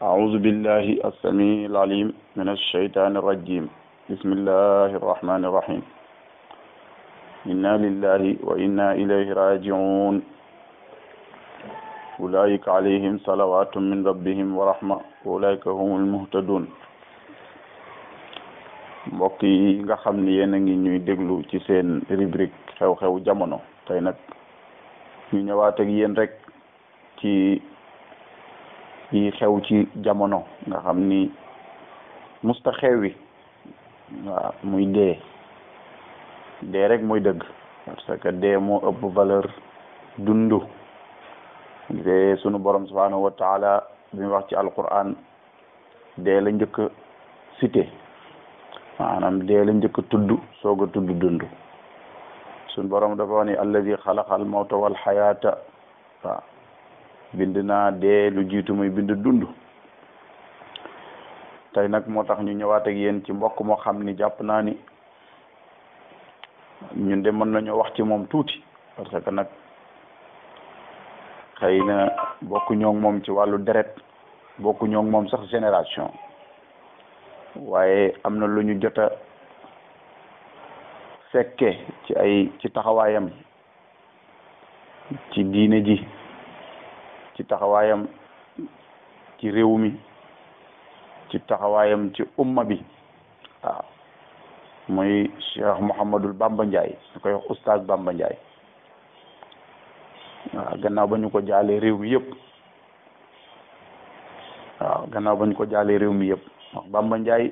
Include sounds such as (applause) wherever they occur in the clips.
أعوذ بالله السميع العليم من الشيطان الرجيم بسم الله الرحمن الرحيم إنا لله وإنا إليه راجعون أولئك عليهم صلوات من ربهم ورحمة أولئك هم المهتدون mbokk yi nga xam ni yéen a ngi déglu xew xew jamono tey nag ñu ñëwaat ak yéen rek ci yi xew ci jamono nga xam ni musta xew wi waa muy dee dee rek muy dëgg parce que dee moo ëpp valeur dund gisee sunu borom subhanahu wa taala bi mu wax ci alquran dee la njëkk cité maanaam dee la njëkk tudd soog a tudd dund suñ borom dafa wax ni alladi xalaqal mawta wal xayaata waaw bind naa dee lu jiitu muy bind dund tey nag moo tax ñu ñëwaata ak ci mbokk moo xam ni jàpp naa ni ñun de mën nañoo wax ci moom tuuti parce que nag xëy na bokku ñoo moom ci wàllu deret bokku ñoo moom sax génération waaye am na lu ñu jota fekke ci ay ci taxawaayam ci diine ji ci taxawaayam ci réew mi ci taxawaayam ci umma bi mooy muy Cheikh Mouhamadul Bamba Ndiaye ñu koy wax oustaz Bamba Ndiaye waaw gannaaw ba ñu ko jaalee réew mi yépp waaw gannaaw ba ñu ko jaalee réew mi yépp Bamba Ndiaye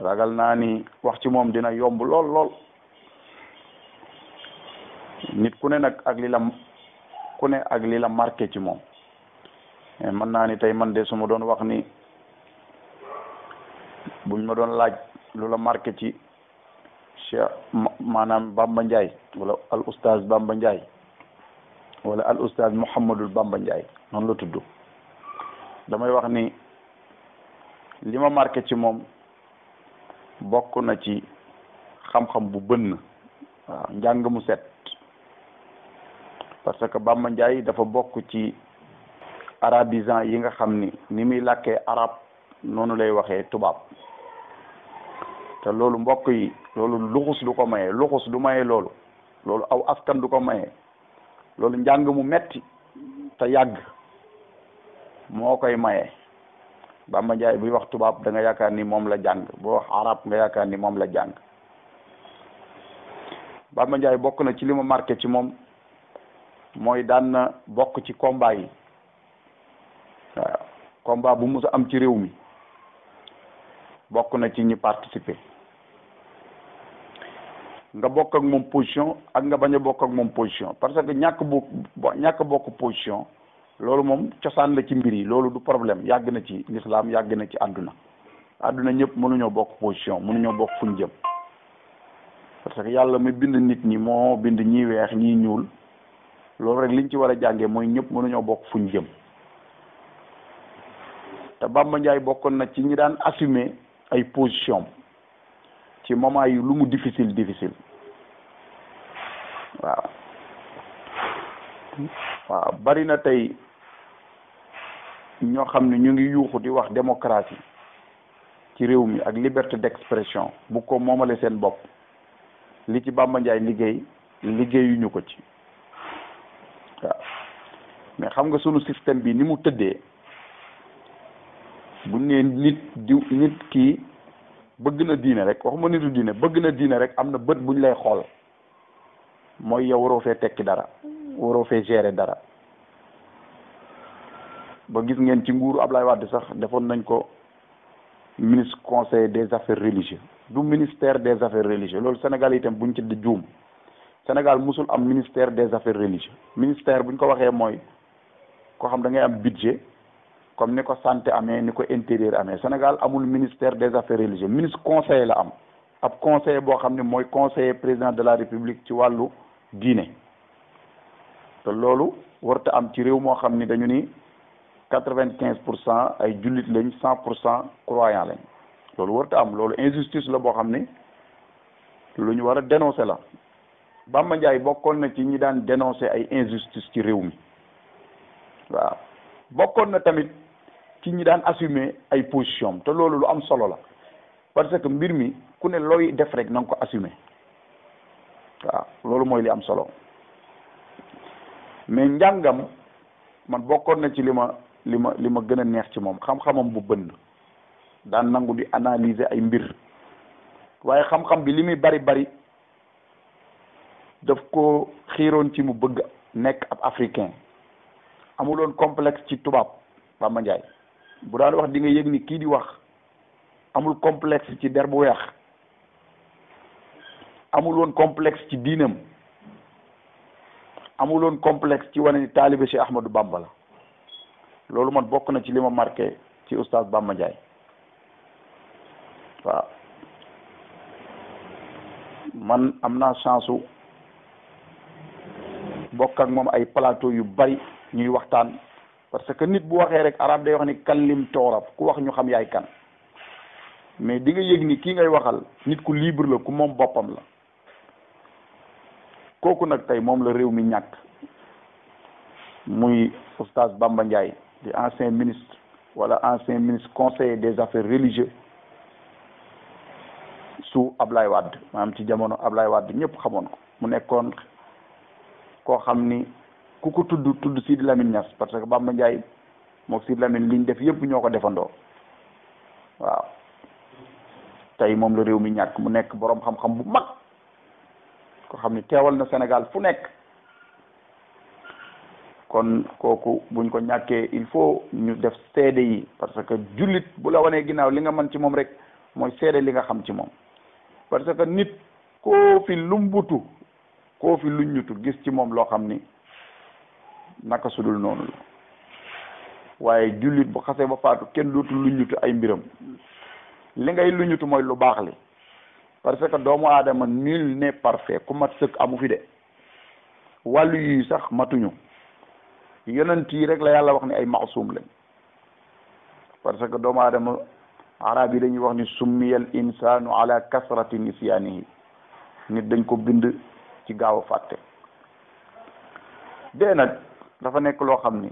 ragal naa ni wax ci moom dina yomb lool lool nit ku ne nag ak li ku ne ak li market marqué ci moom eh, mën naa ni tey man de su ma doon wax ni buñ ma doon laaj lu la marqué ci cheikh maanaam Bamba Ndiaye wala al oustaz Bamba Ndiaye wala al oustaz Mouhamadul Bamba Ndiaye noonu la tudd damay wax ni lima ma marqué ci moom bokk na ci xam-xam bu bënn waaw njàng mu set parce que Bamba Ndiaye dafa bokk ci arabisant yi nga xam ni ni muy làkkee arab noonu lay waxee tubaab te loolu mbokk yi loolu luxus du ko maye luxus du maye loolu loolu aw askan du ko maye loolu njàng mu metti te yàgg moo koy maye Bamba Njaay buy wax tubaab da yaakaar ni moom la jàng boo wax arab nga yaakaar ni moom la jàng Bamba Njaay bokk na ci li ma marqué ci moom mooy daan na bokk ci combat yi waaw combat bu mus a am ci réew mi bokk na ci ñi participer nga bokk ak moom position ak nga bañ a bokk ak moom position parce que ñàkk bu ñàkk bokk position loolu moom cosaan la ci mbir yi loolu du problème yàgg na ci lislaam yàgg na ci àdduna àdduna ñëpp mënuñoo bokk position mënuñoo bokk fu fuñ jëm parce que yàlla mi bind nit ñi moo bind ñi weex ñii ñuul loolu rek liñ ci war a jànge mooy ñëpp mënuñoo bokk fu ñu jëm te Bamba Ndiaye bokkoon na ci ñi daan assumer ay position ci moment yi lu mu difficile difficile waaw waaw bari na tey ñoo xam ni ñu ngi yuuxu di wax démocratie ci réew mi ak liberté d'expression bu ko moomale seen bopp li ci Bamba Ndiaye liggéey liggéeyuñu ko ci waaw mais xam nga sunu système bi ni mu tëddee bu ne nit di nit kii bëgg na diine rek waxuma nitu diine bëgg na diine rek am na bët buñ lay xool mooy yow waroo fee tekki dara waroo fee gérer dara ba gis ngeen ci nguuru Ablaye Wade sax defoon nañ ko ministre conseil des affaires religieuses du ministère des affaires religieuses loolu Sénégal itam buñ ci juum Sénégal mosul am ministère des affaires religieuses ministère buñ ko waxee mooy ko xam dangay am budget comme ni ko santé amee ni ko intérieur amee Sénégal amul ministère des affaires religieuses ministre conseil la am ab conseiller boo xam ne mooy conseiller président de la république ci wàllu diine te ci réew moo xam ni dañu ni quatre-vingt-quinze pour cent ay jullit lañ cent pour cent croyant lañ loolu warta am loolu injustice la boo xam ne lu ñu war a dénoncer la Bamba Ndiaye bokkoon na ci ñi daan dénoncer ay injustice ci réew mi waaw bokkoon na tamit ci ñi daan assumer ay position te loolu lu am solo la parce que mbir mi ku ne looy def rek na ko assumer waaw loolu mooy li am solo mais njàngam man bokkoon na ci li ma li ma li ma gën a neex ci moom xam-xamam bu bënd daan nangu di analyser ay mbir waaye xam-xam bi li muy bari bari daf ko xiiroon ci mu bëgg nekk ab africain amuloon complexe ci tubaab Bamba Ndiaye bu daan wax di nga yëg ni kii di wax amul complexe ci der bu weex amuloon complexe ci diinam amuloon complexe ci wane ni taalibe Cheikh Ahmadou Bamba la loolu man bokk na ci li marke ci oustaz Bamba Ndiaye waaw man am naa chance su bokk ak moom ay plateau yu bari ñuy waxtaan parce que nit bu waxee rek arab day wax ni kan lim toorab ku wax ñu xam yaay kan mais di nga yëg ni kii ngay waxal nit ku libre la ku moom boppam la kooku nag tey moom la réew mi ñàkk muy oustaz Bamba Ndiaye di ancien ministre wala ancien ministre conseiller des affaires religieuses su Ablaye Wade maanaam ci jamono Ablaye Wade ñëpp xamoon ko mu nekkoon koo xam ni ku ko tudd tudd di Lamine Niass parce que Bamba Ndiaye moom Sidi Lamine liñ def yëpp ñoo ko defandoo waaw tey moom la réew mi ñàkk mu nekk boroom xam-xam bu mag ko xam ni teewal na Sénégal fu nekk kon kooku buñ ko ñàkkee il faut ñu def seede yi parce que jullit bu la wanee ginnaaw li nga man ci moom rek mooy seede li nga xam ci moom parce que nit koo fi lumbutu koo fi luññutu gis ci moom loo xam ni naka sudul noonu la waaye jullit bu xasee ba faatu kenn dootu luññutu ay mbiram li ngay luññutu mooy lu baax li parce que doomu aadama nul n'est parfait ku mat sëkk amu fi de wàllu yi sax matuñu yonent yi rek la yàlla wax ne ay maasum lañ parce que doomu aadama arab yi dañuy wax ni summiyal insaanu ala kasrati nisyaanihi nit dañ ko bind ci gaaw a fàtte dee nag dafa nekk loo xam ni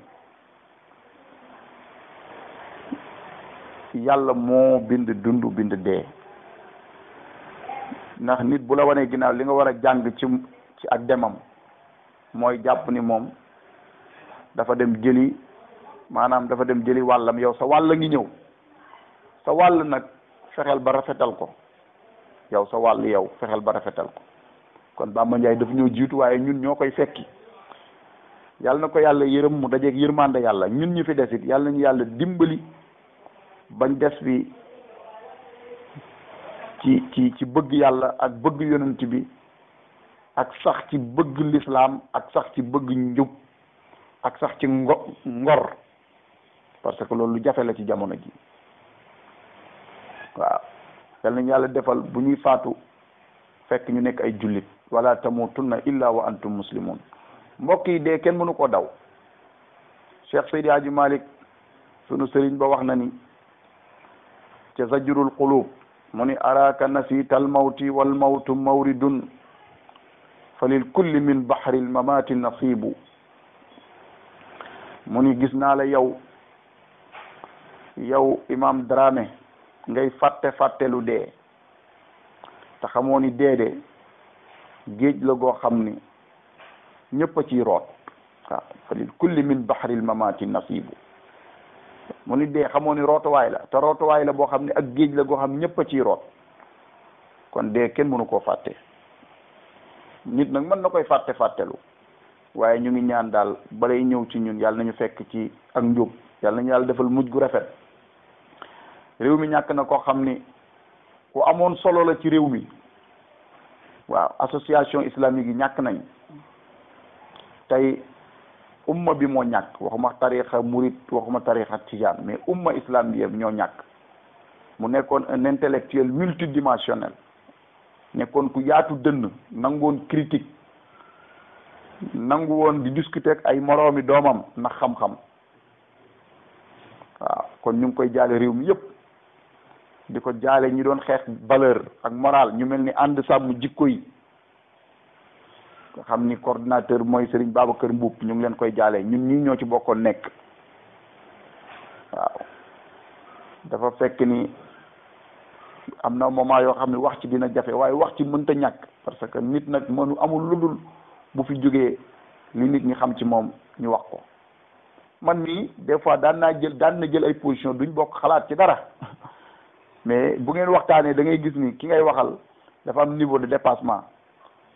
yàlla moo bind dund bind dee ndax nit bu la wanee ginnaaw li nga war a jàng ci ci ak demam mooy jàpp ni moom dafa dem jëli maanaam dafa dem jëli wàllam yow sa wàll ngi ñëw sa wàll nag fexeel ba rafetal ko yow sa wàll yow fexeel ba rafetal ko kon Bamba Ndiaye dafa ñëw jiitu waaye ñun ñoo koy fekki yàlla na ko yàlla yërëm mu dajeeg yërmande yàlla ñun ñu fi des it yàlla nañu yàlla dimbali bañ des bi ci ci ci bëgg yàlla ak bëgg yonent bi ak sax ci bëgg lislaam ak sax ci bëgg njub ak sax ci ngo ngor parce que loolu lu jafe la ci jamono ji waaw yal nañu yàlla defal bu ñuy faatu fekk ñu nekk ay jullit wala tamutunna illa wa antum muslimun mbokk yi dee kenn mënu ko daw Cheikh Seydi Hadji Malick sunu sëriñ ba wax na ni ca zajrul qulub mu ni araka nasita al mawti wal mawridun fa lil kulli min bahri al nasibu mu ni gis naa la yow yow imam Dramé ngay fàtte fàtte de dee te xamoo ni dee de géej la goo xam ni ñëpp a ciy root waaw fa lil kulli min bahril mamati nasibu mu ni dee xamoo ni rootuwaay la te rootuwaay la boo xam ne ak géej la goo xam ñëpp a ciy root kon dee kenn mënu koo fàtte nit nag mën na koy fàtte fàttelu waaye ñu ngi ñaan daal balay ñëw ci ñun yàlla nañu fekk ci ak njub yàlla nañu yàlla defal mujj gu rafet réew mi ñàkk na koo xam ni ku amoon solo la ci réew mi waaw association islamique yi ñàkk nañ tey umma bi moo ñàkk waxuma tarixa murit waxuma tarixa tijaan mais umma islam bi yëpp ñoo ñàkk mu nekkoon un intellectuel multidimensionnel nekkoon ku yaatu dënn nangoon critique nangu woon di discuter ak ay moroomi doomam ndax xam-xam waaw kon ñu ngi koy jaale réew mi yëpp di ko jaale ñi doon xeex valeur ak moral ñu mel ni ànd sàmm jikko yi xam ni coordinateur mooy Serigne kër Mboup ñu ngi leen koy jaale ñun ñu ñoo ci bokkoon nekk waaw dafa fekk ni am na moment yoo xam ne wax ci dina jafe waaye wax ci mënta ñàkk parce que nit nag mënu amul ludul bu fi jógee li nit ñi xam ci moom ñu wax ko man mii des fois daan naa jël daan na jël ay position duñ bokk xalaat ci dara (laughs) mais bu ngeen waxtaanee da ngay gis ni ki ngay waxal dafa am niveau de dépassement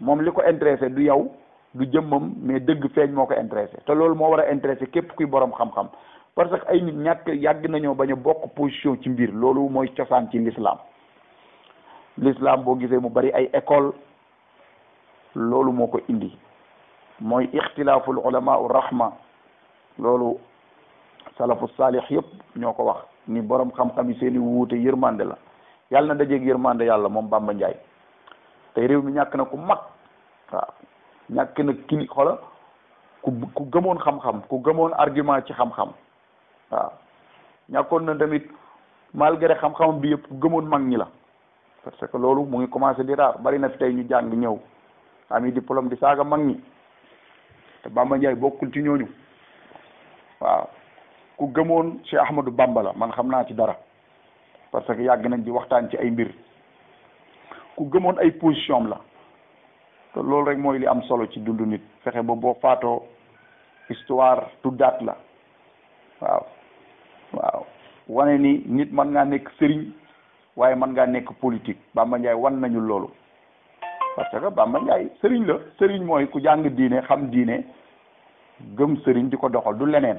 moom li ko intéressé du yow du jëmmam mais dëgg feeñ moo ko intéressé te loolu moo war a intéressé képp kuy borom xam-xam parce que ay nit ñàkk yàgg nañoo bañ a bokk position ci mbir loolu mooy cosaan ci l'islam l'islam boo gisee mu bari ay école loolu moo ko indi mooy ixtilaaful ulama u rahma loolu salafu saalih yëpp ñoo ko wax ni boroom xam-xam yi seen i wuute yërmande la yàlla na dajeeg yërmande yàlla moom Bamba Ndiaye tey réew mi ñàkk na ku mag waaw ñàkk na kili xola ku gëmoon xam-xam ku gëmoon argument ci xam-xam waaw ñàkkoon na tamit malgré xam-xam bi yëpp gëmoon mag ñi la parce que loolu mu ngi commencé di raar bari na fi tey ñu jàng ñëw am yi diplôme di saaga mag ñi te Bamba Ndiaye bokkul ci ñooñu waaw ku gëmoon Cheikh Ahmadou Bamba la man xam naa ci dara parce que yàgg nañ di waxtaan ci ay mbir ku gëmoon ay position la loolu rek mooy li am solo ci dundu nit fexe ba boo faatoo histoire tuddaat la waaw waaw wane ni nit mën ngaa nekk sëriñ waaye mën ngaa nekk politique Bamba Ndiaye wan nañu loolu parce que Bamba Ndiaye sëriñ la sëriñ mooy ku jàng diine xam diine gëm sëriñ di ko doxal du leneen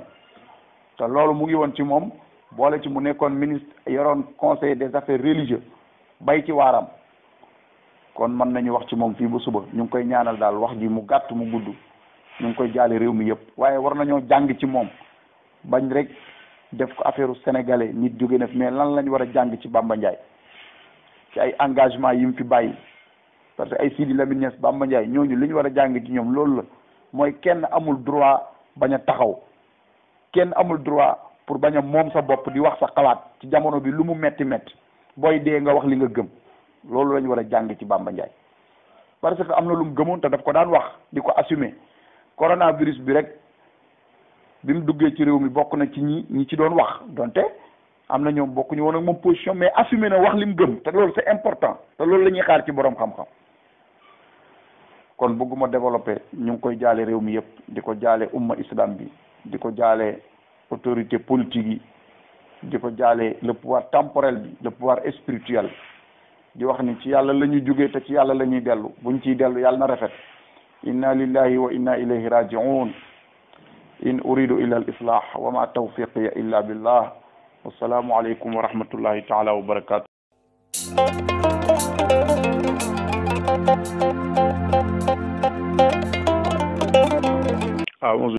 te loolu mu ngi woon ci moom boole ci mu nekkoon ministre yoroon conseil des affaires religieux bay ci waaram kon mën nañu wax ci moom fii ba suba ñu ngi koy ñaanal daal wax ji mu gàtt mu gudd ñu ngi koy jaale réew mi yëpp waaye war nañoo jàng ci moom bañ rek def ko affaire sénégalais nit jóge na mais lan lañ war a jàng ci Bamba ci ay engagement yi mu fi parce que ay Sidi Lamine ness Bamba ndjay ñooñu li wara jang ci ñom loolu moy kenn amul droit baña taxaw kenn amul droit pour baña mom sa bop di wax sa xalaat ci jamono bi lu mu metti metti boy de nga wax li nga gëm loolu la wara jang ci Bamba ndjay parce que amna lu mu gëmon ta daf ko daan wax di assumer coronavirus bi rek bimu duggé ci réew mi bokku na ci ñi ñi ci doon wax donte amna ñom bokku ñu won ak mom position mais assumer na wax lim gëm té loolu c'est important té loolu lañuy xaar ci borom xam-xam kon bëgguma développé ñu ngi koy jaale réew mi yëpp di ko jaale umma islam bi di ko jaale autorité politique yi di ko jaale le pouvoir temporel bi le pouvoir di wax ni ci yàlla la ñu jógee te ci yàlla la ñuy dellu buñ ci dellu yàlla na rafet inna lillahi wa inna ilayhi rajiun in uridu illa al islah wa ma tawfiqiya illa billah wassalaamu aleykum wa rahmatullahi taala wa barakatu Ah, 11